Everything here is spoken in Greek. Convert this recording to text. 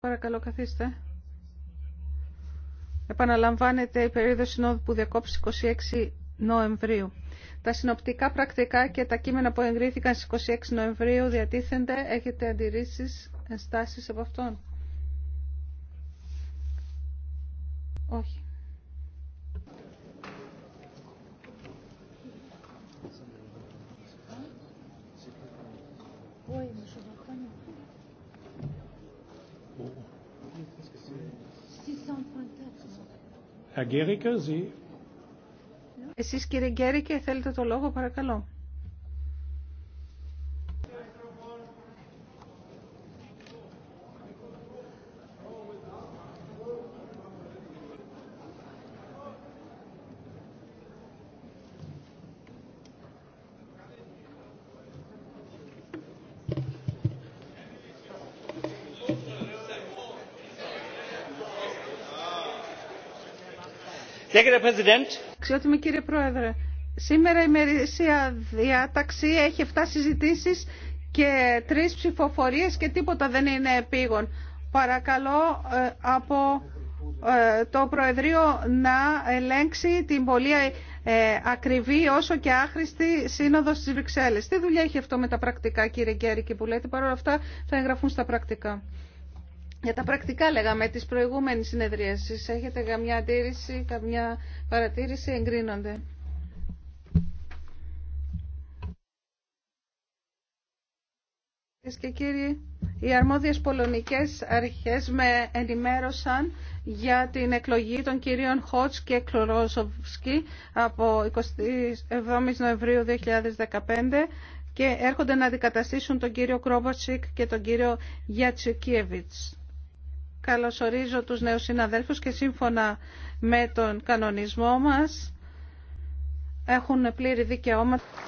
Παρακαλώ καθίστε. Επαναλαμβάνεται η περίοδος συνόδου που διακόψει 26 Νοεμβρίου. Τα συνοπτικά πρακτικά και τα κείμενα που εγκρίθηκαν στις 26 Νοεμβρίου διατίθενται. Έχετε αντιρρήσεις, ενστάσεις από αυτόν. Όχι. Εσείς κύριε Γκέρικε θέλετε το λόγο παρακαλώ. Αξιότιμη κύριε Πρόεδρε, σήμερα η μερίσια διάταξη έχει 7 συζητήσεις και 3 ψηφοφορίες και τίποτα δεν είναι επίγον. Παρακαλώ ε, από ε, το Προεδρείο να ελέγξει την πολύ ε, ακριβή όσο και άχρηστη σύνοδο στις Βρυξέλλες. Τι δουλειά έχει αυτό με τα πρακτικά κύριε Γκέρικη που λέτε, παρόλα αυτά θα εγγραφούν στα πρακτικά. Για τα πρακτικά λέγαμε τις προηγούμενες συνεδρίασης. Έχετε καμιά αντίρρηση, καμιά παρατήρηση, εγκρίνονται. και κύριοι, οι αρμόδιες πολωνικές αρχές με ενημέρωσαν για την εκλογή των κυρίων Χότς και Κλωρόσοβσκι από 27 Νοεμβρίου 2015 και έρχονται να αντικαταστήσουν τον κύριο Κρόβατσικ και τον κύριο Γιατσικίεβιτς καλωσορίζω τους νέους συναδέλφους και σύμφωνα με τον κανονισμό μας έχουν πλήρη δικαιώματα.